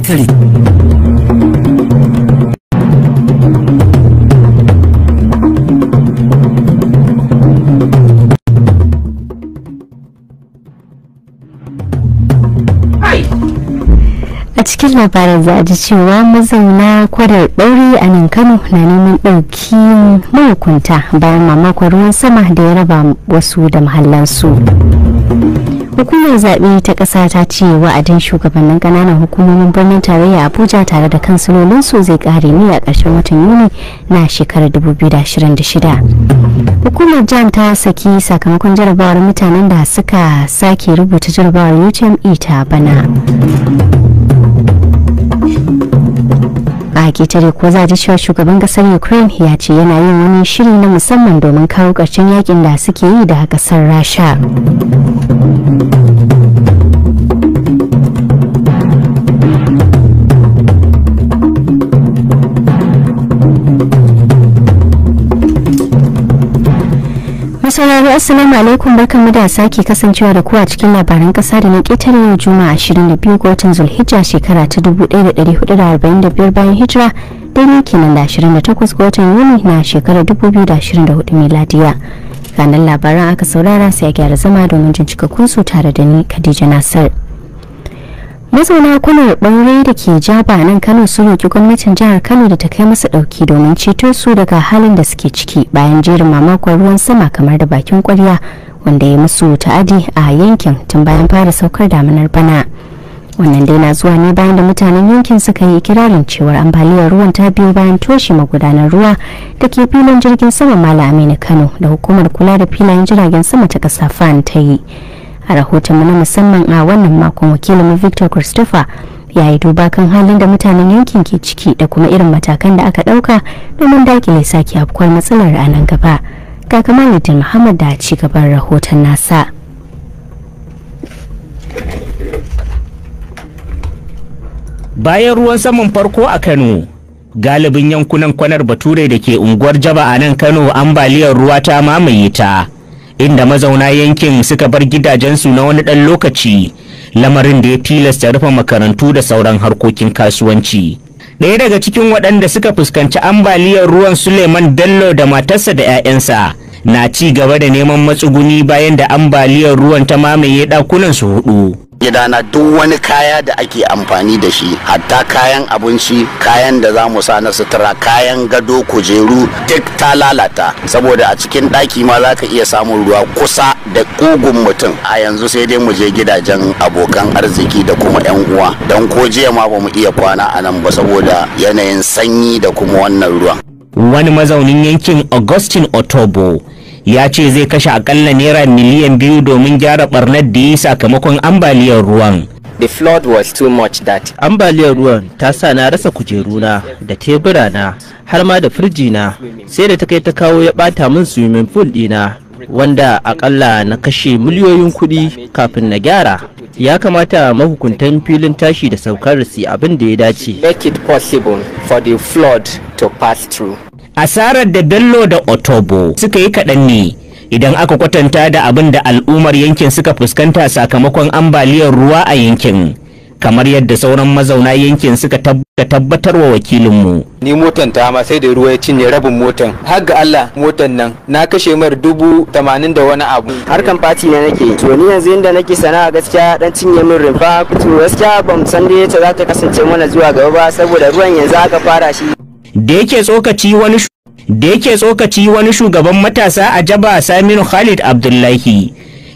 kare cikin labarin za ji cewa mazauna kwarar ɗauri a nan kano na neman ɗauki mahukunta bayan mamakon ruwan sama da ya raba wasu da mahallansu. hukumar zaɓe ta ƙasa ta ce wa'adin shugabannin ƙananan hukumomin birnin tarayya abuja tare da kansilolinsu zai ƙare ne a ƙarshen watan yuni na shekarar 2026 hukumar jam ta saki sakamakon jarabawar mutanen da suka sake rubuta jarabawar utme ta bana a ketare ko za ta cewa shugaban kasar ukraine ya ce yana yin wani shiri na musamman domin kawo ƙarshen yakin da suke yi da kasar rasha assalamu alaikum barkan mu da sake kasancewa da ku a cikin labaran kasa da na ƙetare yau juma'a 22 ga watan zulhijja shekara ta 1445 bayan hijira daidai kenan da 28 ga watan yuni na shekara 2024 miladiya ranar labaran aka saurara sai a gyara zama domin jin cikakkun su tare da ni khadija nasar mazauna kuna ɓangare da ke jaba nan kano su roƙi gwamnatin jihar kano da ta kai musu ɗauki domin ceto su daga halin da suke ciki bayan jerin mamakon ruwan sama kamar da bakin kwarya wanda ya musu ta'adi a yankin tun bayan fara saukar daminar bana wannan dai na zuwa ne bayan da mutanen yankin suka yi kirarin cewar ambaliyar ruwan ta biyo bayan toshe magudanar ruwa da ke filin jirgin sama malamai na kano da hukumar kula da filayen jiragen sama ta ƙasa fan ta yi a rahoton mu na musamman a wannan makon wakilin victor christopher ya yi duba kan halin da mutanen yankin ke ciki da kuma irin matakan da aka ɗauka domin dakile sake afkuwar matsalar a nan gaba ga kamaluddin muhammad da ci gaban rahoton nasa bayan ruwan saman farko a kano galibin yankunan kwanar bature da ke unguwar jaba a nan kano ambaliyar ruwa ta mamaye ta inda mazauna yankin suka bar gidajensu na wani ɗan lokaci lamarin da ya tilasta rufe makarantu da sauran harkokin kasuwanci ɗaya daga cikin waɗanda suka fuskanci ambaliyar ruwan suleiman dallo, da matarsa da 'ya'yansa na ci gaba da neman matsuguni bayan da ambaliyar ruwan ta mamaye ɗakunan su hudu gidana duk wani kaya da ake amfani da shi hatta kayan abinci kayan da za mu sa na sutura kayan gado kujeru duk ta lalata saboda a cikin ɗaki ma za ka iya samun ruwa kusa da ƙugun mutum a yanzu sai dai mu je gidajen abokan arziki da kuma 'yan uwa don ko jiya ma ba mu iya kwana a nan ba saboda yanayin sanyi da kuma wannan ruwan wani mazaunin yankin augustin otobo ya ce zai kashe akalla naira miliyan biyu domin gyara barnar da yi sakamakon ambaliyar ruwan the flood was too much that ambaliyar ruwan ta sa na rasa kujeruna da teburana har ma da firjina sai da ta kai ta kawo ya bata min swimming pool dina wanda akalla na kashe miliyoyin kuɗi kafin na gyara ya kamata mahukuntan filin tashi da saukar su abin da ya dace make it possible for the flood to pass through asarar da bello da otobo suka yi kaɗan ne idan aka kwatanta da abin da al'ummar yankin suka fuskanta sakamakon ambaliyar ruwa a yankin kamar yadda sauran mazauna yankin suka tabbatar wa wakilinmu. ni motan ta ma sai da ruwa ya cinye rabin motan har ga Allah motan nan na kashe mar dubu tamanin da wani abu harkan fati ne nake to ni yanzu inda nake sana'a gaskiya dan cinye min rumfa to gaskiya ban san da yace za ta kasance mana zuwa gaba ba saboda ruwan yanzu aka fara shi da yake tsokaci wani shugaban matasa a jaba saminu khalid abdullahi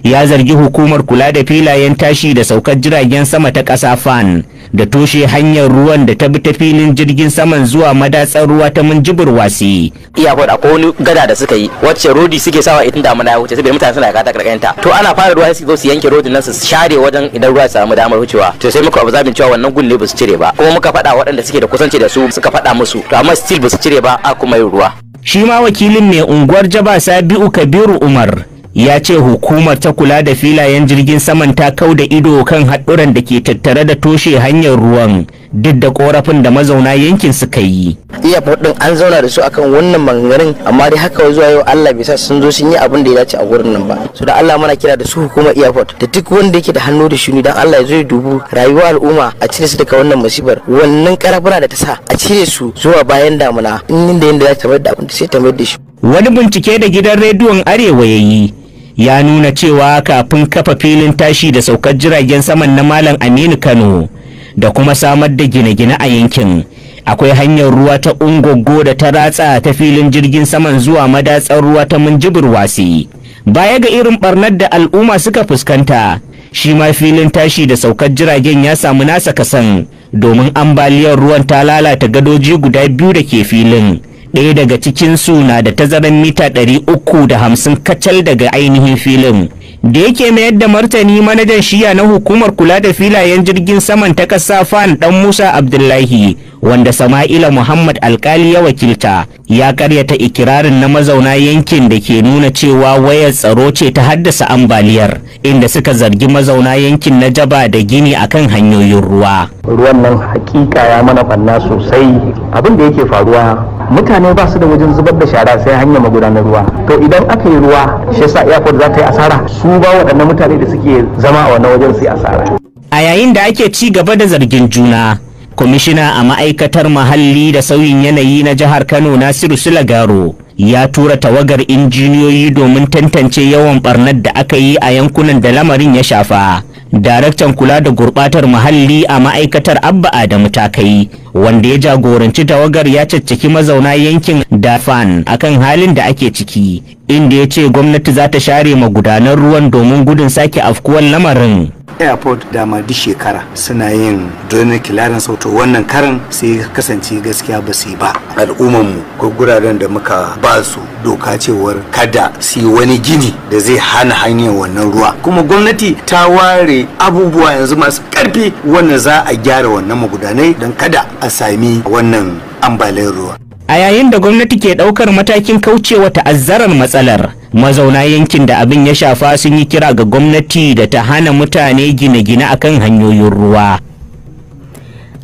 ya zargi hukumar kula da filayen tashi da saukar jiragen sama ta ƙasa fan da toshe hanyar ruwan da ta bi ta filin jirgin saman zuwa madatsar ruwa ta minjibir wasi. Iyakon ko wani gada da suka yi wacce rodi suke sawa idan damuna ya wuce saboda mutane suna kata karkarin To ana fara ruwa su zo su yanke rodin nan su share wajen idan ruwa ya samu damar wucewa. To sai muka observing cewa wannan gulle ba su cire ba. Kuma muka faɗa waɗanda suke da kusanci da su suka faɗa musu. To amma still ba su cire ba a kuma yin ruwa. Shi ma wakilin mai unguwar Jaba Sabiu Kabiru Umar ya ce hukumar ta kula da filayen jirgin saman ta kau da ido kan haɗuran da ke tattare da toshe hanyar ruwan duk da korafin da mazauna yankin suka yi. Iya faɗin an zauna da su akan wannan maganganun amma dai haka zuwa yau Allah bai sa sun zo sun yi abin da ya dace a gurin nan ba. su da Allah mana kira da su hukumar airport da duk wanda yake da hannu da shuni dan Allah ya zo ya dubu rayuwar al'umma a cire su daga wannan musibar wannan karafuna da ta sa a cire su zuwa bayan damuna in da yanda za ta mayar da abin da sai ta mayar da shi. Wani bincike da gidan rediyon Arewa ya yi ya nuna cewa kafin kafa filin tashi da saukar jiragen saman na Malam Aminu Kano da kuma samar da gine-gine a yankin. Akwai hanyar ruwa ta Ungogo da ta ratsa ta filin jirgin saman zuwa madatsar ruwa ta Minjibir Wasi. Baya ga irin barnar da al'umma suka fuskanta, shi ma filin tashi da saukar jiragen ya samu nasa kasan domin ambaliyar ruwan ta lalata gadoji guda biyu da ke filin. ɗaya daga cikin suna da tazarar mita ɗari uku da hamsin kacal daga ainihin filin da yake mayar da martani manajan shiya na hukumar kula da filayen jirgin saman ta ƙasa fan ɗan musa abdullahi wanda sama'ila muhammad alkali ya wakilta ya karyata ikirarin na mazauna yankin da ke nuna cewa wayar tsaro ce ta haddasa ambaliyar inda suka zargi mazauna yankin na jaba da gini akan hanyoyin ruwa ruwan nan hakika ya mana sosai abin da yake faruwa mutane ba su da wajen zubar da shara sai hanyar magudanar ruwa to idan aka yi ruwa shi yasa airport za ta yi asara su ba waɗannan mutane da suke zama a wannan wajen su yi asara a yayin da ake ci gaba da zargin juna kwamishina a ma'aikatar muhalli da sauyin yanayi na jihar kano nasiru sulagaro ya tura tawagar injiniyoyi domin tantance yawan barnar da aka yi a yankunan da lamarin ya shafa daraktan kula da gurbatar muhalli a ma'aikatar abba adamu ta kai, wanda ya jagoranci tawagar ya cacciki mazauna yankin dafan akan halin da ake ciki inda ya ce gwamnati za ta share magudanar ruwan domin gudun sake afkuwar lamarin airport dama duk shekara suna yin drone clearance sauto wannan karin sai kasance gaskiya ba su yi ba al'ummar mu ko guraren da muka ba su doka cewar kada su wani gini da zai hana hanyar wannan ruwa kuma gwamnati ta ware abubuwa yanzu masu karfi wanda za a gyara wannan magudanai don kada a sami wannan ambaliyar ruwa a yayin da gwamnati ke daukar matakin kaucewa ta'azzarar matsalar mazauna yankin da abin ya shafa sun yi kira ga gwamnati da ta hana mutane gine-gine akan hanyoyin ruwa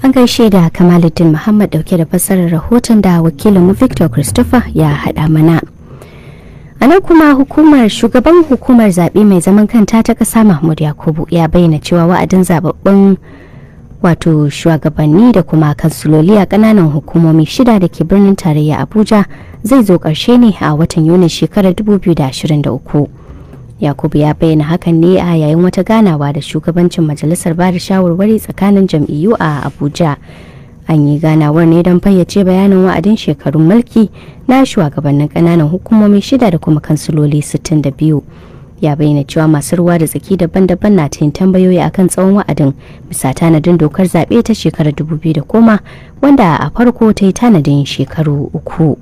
an gaishe da kamaluddin muhammad dauke da fassarar rahoton da wakilinmu victor christopher ya hada mana a nan kuma hukumar shugaban hukumar zaɓe mai zaman kanta ta ƙasa mahmud yakubu ya bayyana cewa wa'adin zababbin wato shugabanni da kuma kansuloli a ƙananan hukumomi shida da ke birnin tarayya abuja zai zo ƙarshe ne a watan yuni shekarar 2023 yakubu ya bayyana hakan ne a yayin wata ganawa da shugabancin majalisar ba da shawarwari tsakanin jam'iyyu a abuja an yi ganawar ne don fayyace bayanin wa'adin shekarun mulki na shugabannin kananan hukumomi shida da kuma kansiloli 62 ya bayyana cewa masu ruwa da tsaki daban-daban na ta yin tambayoyi kan tsawon wa'adin bisa tanadin dokar zaɓe ta shekarar 2010 wanda a farko ta yi tanadin shekaru uku.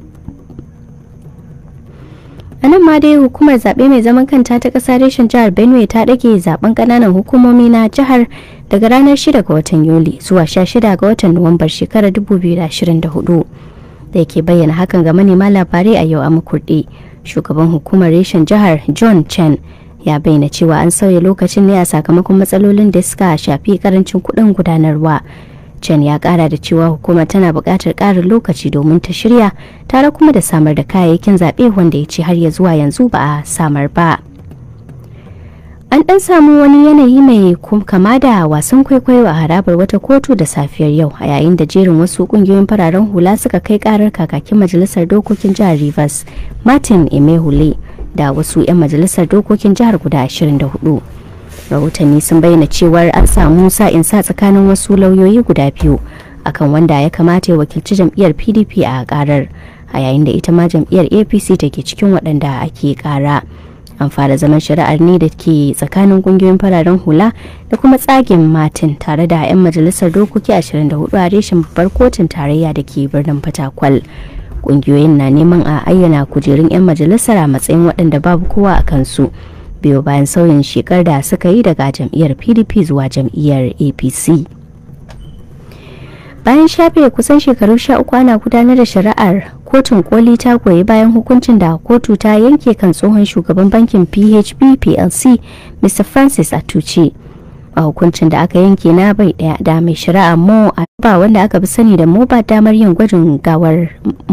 a nan ma dai hukumar zaɓe mai zaman kanta ta ƙasa reshen jihar benue ta ɗage zaben ƙananan hukumomi na jihar daga ranar 6 ga watan yuli zuwa 16 ga watan nuwambar shekarar 2024 da yake bayyana hakan ga manema labarai a yau a makurɗe shugaban hukumar reshen jihar john chen ya bayyana cewa an sauya lokacin ne a sakamakon matsalolin da suka shafi karancin kuɗin gudanarwa Chen ya kara da cewa hukumar tana buƙatar ƙarin lokaci domin ta shirya tare kuma da samar da kayayyakin zaɓe wanda ya ce har ya zuwa yanzu ba a samar ba. An ɗan samu wani yanayi mai kama da wasan kwaikwayo a harabar wata kotu da safiyar yau a yayin da jerin wasu ƙungiyoyin fararen hula suka kai ƙarar kakakin majalisar dokokin jihar Rivers Martin Emehule da wasu 'yan majalisar dokokin jihar guda 24. rahotanni sun bayyana cewar an samu sa'in sa tsakanin wasu lauyoyi guda biyu akan wanda ya kamata ya wakilci jam'iyyar pdp a karar a yayin da ita ma jam'iyyar apc take cikin waɗanda ake kara an fara zaman shari'ar ne da ke tsakanin kungiyoyin fararen hula da kuma tsagen martin tare da 'yan majalisar dokoki 24 a reshen babbar kotun tarayya da ke birnin fatakwal kungiyoyin na neman a ayyana kujerun 'yan majalisar a matsayin waɗanda babu kowa a kansu biyo bayan sauyin shekar da suka yi daga jam'iyyar pdp zuwa jam'iyyar apc bayan shafe kusan shekaru sha uku ana gudanar da shari'ar kotun koli ta goyi bayan hukuncin da kotu ta yanke kan tsohon shugaban bankin phb plc mr francis atuce a hukuncin da aka yanke na bai daya da mai shari'a mo a wanda aka bi sani da mo ba damar yin gwajin gawar